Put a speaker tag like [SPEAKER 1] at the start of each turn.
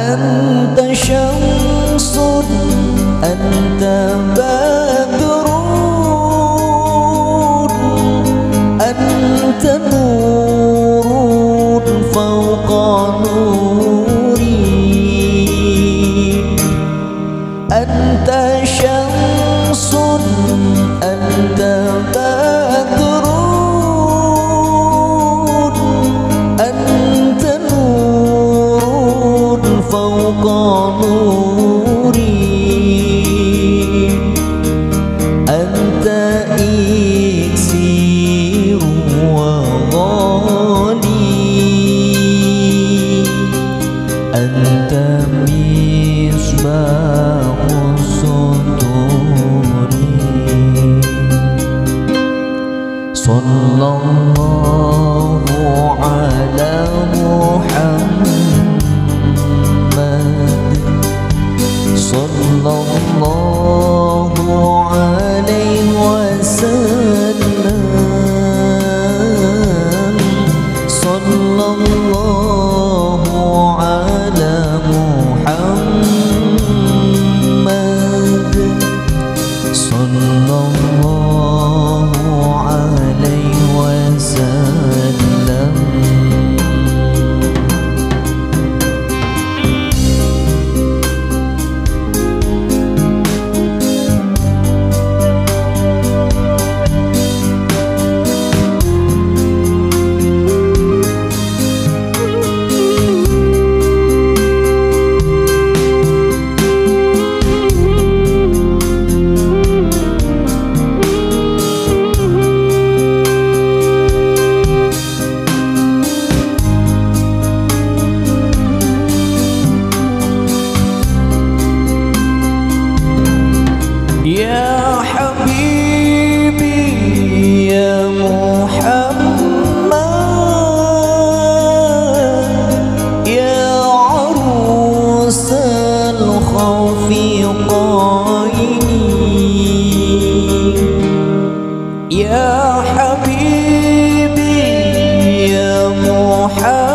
[SPEAKER 1] أنت شمس أنت بارد أنت مصباح الصدور صلى الله على محمد صلى الله عليه وسلم يا حبيبي يا محمد